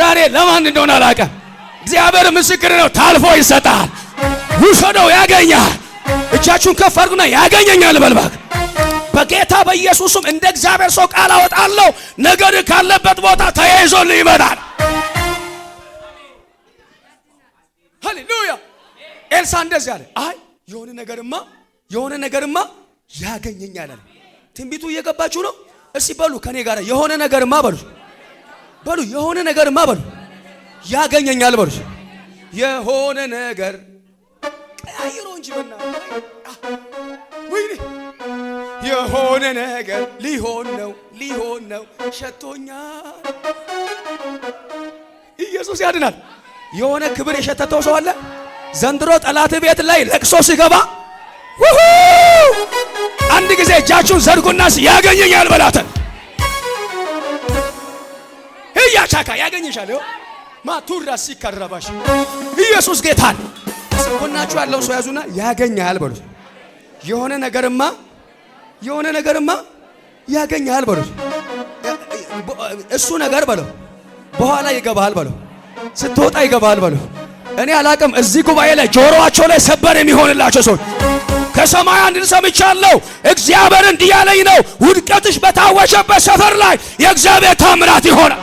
ዛሬ ለማን እንደሆነ አላውቅም። እግዚአብሔር ምስክር ነው። ታልፎ ይሰጣል። ውሰደው፣ ያገኛል። እጃችሁን ከፍ አድርጉና ያገኘኛል በልባክ በጌታ በኢየሱስም እንደ እግዚአብሔር ሰው ቃል አወጣለሁ። ነገር ካለበት ቦታ ተያይዞልህ ይመጣል። ሃሌሉያ! ኤልሳ እንደዚህ አለ፣ አይ የሆነ ነገርማ የሆነ ነገርማ ያገኘኛል አለ። ትንቢቱ እየገባችሁ ነው? እስቲ በሉ ከኔ ጋር የሆነ ነገርማ በሉ በሉ የሆነ ነገርማ በሉ ያገኘኛል በሉ የሆነ ነገር ቀያይሮ እንጂ በና ወይኔ የሆነ ነገር ሊሆን ነው ሊሆን ነው ሸቶኛል። ኢየሱስ ያድናል። የሆነ ክብር የሸተተው ሰው አለ። ዘንድሮ ጠላት ቤት ላይ ለቅሶ ሲገባ አንድ ጊዜ እጃችሁን ዘርጉና ያገኘኛል በላተን ሻካሻካ ያገኝሻል። ይኸው ማቱራ ሲከረባሽ ኢየሱስ ጌታ ሰኮናችሁ ያለው ሰው ያዙና ያገኛል በሉት። የሆነ ነገርማ የሆነ ነገርማ ያገኛል በሉት። እሱ ነገር በለው በኋላ ይገባል በለው ስትወጣ ይገባል በለው። እኔ አላቅም። እዚህ ጉባኤ ላይ ጆሮአቸው ላይ ሰበር የሚሆንላቸው ሰዎች ከሰማይ አንድን ሰምቻለሁ። እግዚአብሔር እንዲህ ነው፣ ውድቀትሽ በታወሸበት ሰፈር ላይ የእግዚአብሔር ታምራት ይሆናል።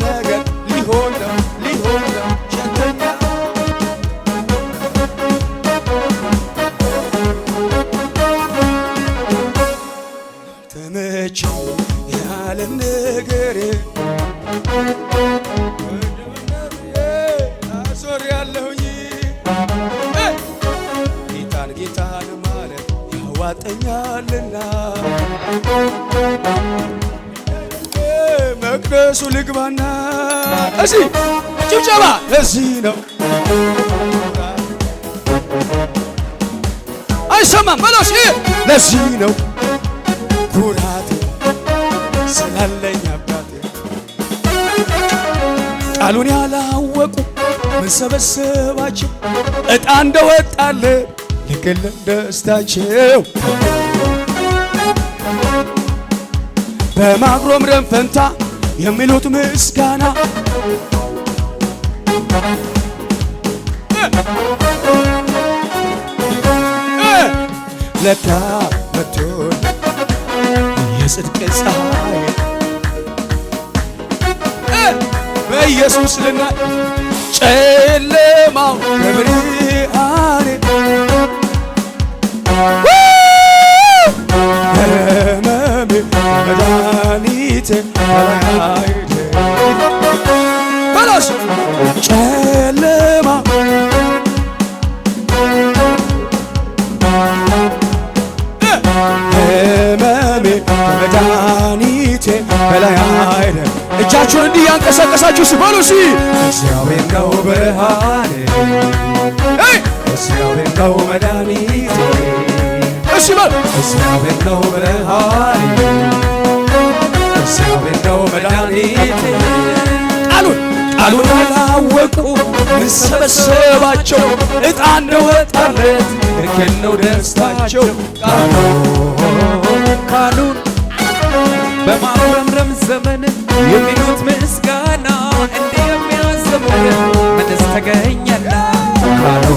ኢየሱስ ልግባና እዚህ ጭብጨባ እዚህ ነው አይሰማም በላሽ ለዚህ ነው ኩራቴ ስላለኝ አባቴ ቃሉን ያላወቁ ምን እጣ እንደወጣለ ልክል ደስታቸው በማጉረምረም ፈንታ የሚሉት ምስጋና ለካ መቶ የጽድቅ ፀሐይ በኢየሱስ ልና ጨለማው በብርሃኔ ከላይ ኃይል እጃችሁን እንዲህ ያንቀሳቀሳችሁ ስበሉ ሲ እግዚአብሔር ነው ቃሉን ቃሉን አላወቁ እንሰበሰባቸው ዕጣን ነው ነው ደስታቸው ቃሉን በማረምረም ዘመን የሚሉት ምስጋና እንዲህ የሚያዘሙልን ምንስ ተገኘና ካሉ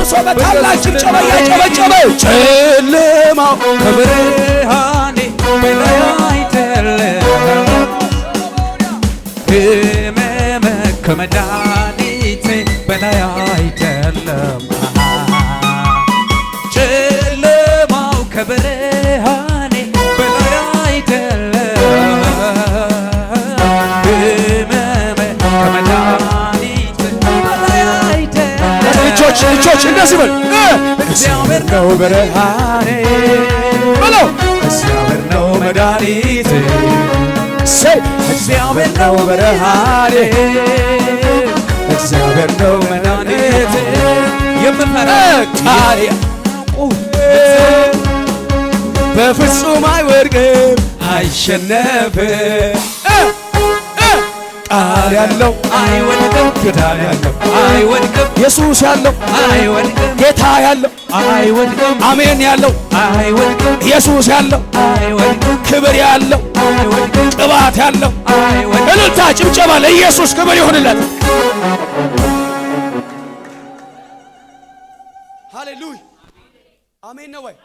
አድርሶ በታላቅ ጭብጨባ ያጨበጨበ ጨለማው ከብርሃኔ በላይ አይደለ ህመመ ከመድኃኒቴ በላይ አይደለም ጨለማው ከብርሃኔ ቸርቾች እንደዚህ በል እግዚአብሔር ነው ብርሃኔ በለው እግዚአብሔር ነው መድኃኒቴ ሰይ እግዚአብሔር ነው ብርሃኔ እግዚአብሔር ነው መድኃኒቴ የምፈራ በፍጹም አይወድቅም አይሸነፍም ቃል ያለው አይወድቅም፣ ክዳን ያለው አይወድቅም፣ ኢየሱስ ያለው አይወድቅም፣ ጌታ ያለው አይወድቅም፣ አሜን ያለው አይወድቅም፣ ኢየሱስ ያለው አይወድቅም፣ ክብር ያለው አይወድቅም፣ ቅባት ያለው አይወድቅም። እልልታ ጭብጨባ ለኢየሱስ ክብር ይሁንለት። ሃሌሉያ አሜን ነው ወይ?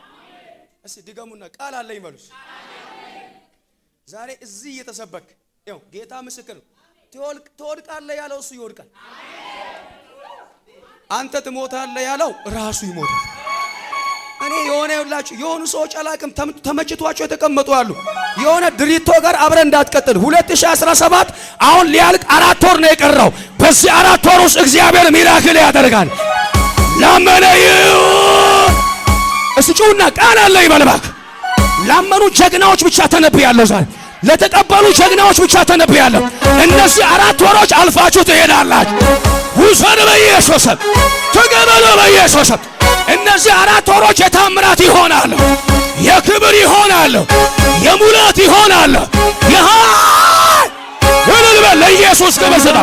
እስቲ ድገሙና ቃል አለኝ በሉስ። ዛሬ እዚህ እየተሰበክ ያው ጌታ ምስክር ትወድቃለህ ያለው እሱ ይወድቃል። አንተ ትሞታለህ ያለው ራሱ ይሞታል። እኔ የሆነ ይኸውላችሁ የሆኑ ሰዎች አላቅም ተመችቷቸው የተቀመጡ አሉ። የሆነ ድሪቶ ጋር አብረን እንዳትቀጥል 2017 አሁን ሊያልቅ አራት ወር ነው የቀረው። በዚህ አራት ወር ውስጥ እግዚአብሔር ሚራክል ያደርጋል። ላመነ እስጩና ቃል አለ ይበልባክ ላመኑ ጀግናዎች ብቻ ተነብያለሁ ዛሬ ለተቀበሉ ጀግናዎች ብቻ ተነብያለሁ። እነዚህ አራት ወሮች አልፋችሁ ትሄዳላችሁ። ውሰን በኢየሱስም ተቀበሉ በኢየሱስም። እነዚህ አራት ወሮች የታምራት ይሆናሉ፣ የክብር ይሆናሉ፣ የሙላት ይሆናሉ። ይሃ ወለልበ ለኢየሱስ ከበሰዳ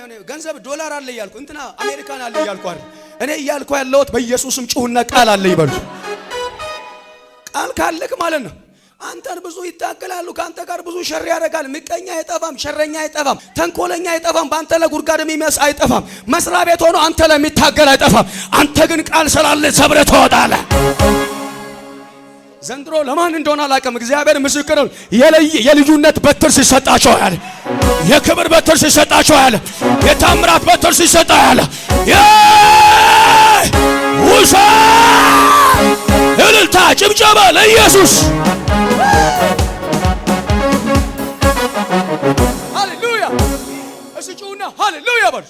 የሆነ ገንዘብ ዶላር አለ እያልኩ እንትና አሜሪካን አለ እያልኩ አይደል። እኔ እያልኩ ያለሁት በኢየሱስም ጩሁና ቃል አለ ይበሉ። ቃል ካለክ ማለት ነው። አንተን ብዙ ይታገላሉ። ከአንተ ጋር ብዙ ሸር ያደርጋል። ምቀኛ አይጠፋም፣ ሸረኛ አይጠፋም፣ ተንኮለኛ አይጠፋም። በአንተ ለጉድጓድ የሚመስ አይጠፋም። መስሪያ ቤት ሆኖ አንተ ለሚታገል አይጠፋም። አንተ ግን ቃል ስላለ ሰብረ ትወጣለህ። ዘንድሮ ለማን እንደሆነ አላውቅም። እግዚአብሔር ምስክር የለይ የልዩነት በትር ሲሰጣቸዋል፣ የክብር በትር ሲሰጣቸዋል፣ የታምራት በትር ሲሰጣያል። ውሳ እልልታ፣ ጭብጨባ ለኢየሱስ ሃሌሉያ። እስጩና ሃሌሉያ በሉ።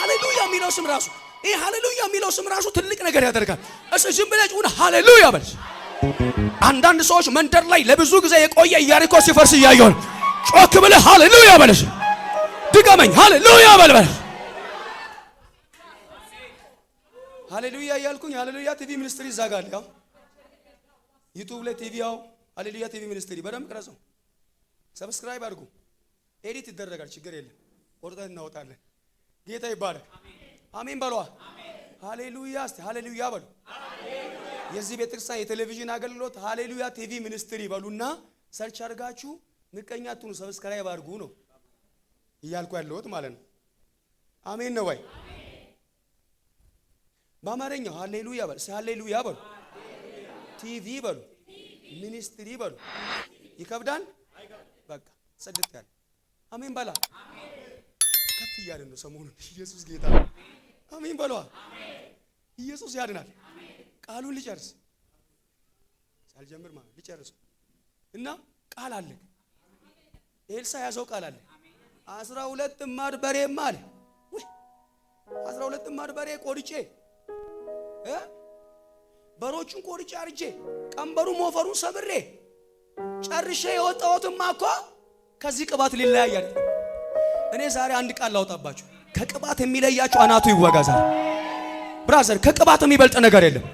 ሃሌሉያ የሚለው ስም ራሱ ይህ ሃሌሉያ የሚለው ስም ራሱ ትልቅ ነገር ያደርጋል። እስ ዝም ብለህ ጩኸን ሃሌሉያ በል። አንዳንድ ሰዎች መንደር ላይ ለብዙ ጊዜ የቆየ ኢያሪኮ ሲፈርስ እያየሁ ጮክ ብለህ ሃሌሉያ በል። ድገመኝ፣ ሃሌሉያ በል በል። ሃሌሉያ እያልኩኝ ሃሌሉያ ቲቪ ሚኒስትሪ ይዛጋል። ያው ዩቱብ ላይ ቲቪ ያው ሃሌሉያ ቲቪ ሚኒስትሪ በደንብ ቅረጸው፣ ሰብስክራይብ አድርጉ። ኤዲት ይደረጋል፣ ችግር የለም። ቆርጠን እናወጣለን። ጌታ ይባረክ። አሜን በሏ። ሃሌሉያ እስቲ ሃሌሉያ በሉ። የዚህ ቤተክርስቲያን የቴሌቪዥን አገልግሎት ሃሌሉያ ቲቪ ሚኒስትሪ በሉና ሰርች አድርጋችሁ ምቀኛ አትሁኑ፣ ሰብስክራይብ አድርጉ ነው እያልኩ ያለሁት ማለት ነው። አሜን ነው ወይ? በአማርኛው ሃሌሉያ በሉ፣ ሃሌሉያ በሉ፣ ቲቪ በሉ፣ ሚኒስትሪ በሉ። ይከብዳል። በቃ ጽድት ያለ አሜን በላ። ከፍ እያለ ነው ሰሞኑን ኢየሱስ ጌታ አሜን በሏ። ኢየሱስ ያድናል። ቃሉን ልጨርስ ሳልጀምር ማለት ልጨርስ እና ቃል አለ። ኤልሳ ያዘው ቃል አለ። አስራ ሁለት እማድ በሬማ ማል አስራ ሁለት እማድ በሬ ቆርጬ እ በሮቹን ቆርጬ አርጄ ቀንበሩ ሞፈሩን ሰብሬ ጨርሼ የወጣሁትማ እኮ ከዚህ ቅባት ሊለያያል። እኔ ዛሬ አንድ ቃል ላውጣባችሁ። ከቅባት የሚለያችሁ አናቱ ይወጋዛል። ብራዘር ከቅባት የሚበልጥ ነገር የለም።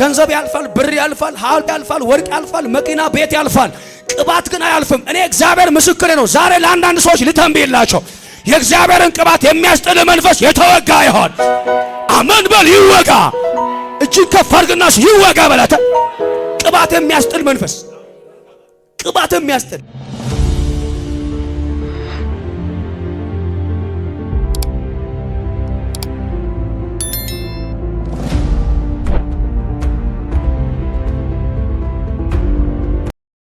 ገንዘብ ያልፋል፣ ብር ያልፋል፣ ሀብት ያልፋል፣ ወርቅ ያልፋል፣ መኪና ቤት ያልፋል። ቅባት ግን አያልፍም። እኔ እግዚአብሔር ምስክሬ ነው። ዛሬ ለአንዳንድ ሰዎች ልተንብይላቸው የእግዚአብሔርን ቅባት የሚያስጥል መንፈስ የተወጋ ይሆን። አመን በል ይወጋ። እጅግ ከፍ አድርግና ይወጋ በላተ ቅባት የሚያስጥል መንፈስ ቅባት የሚያስጥል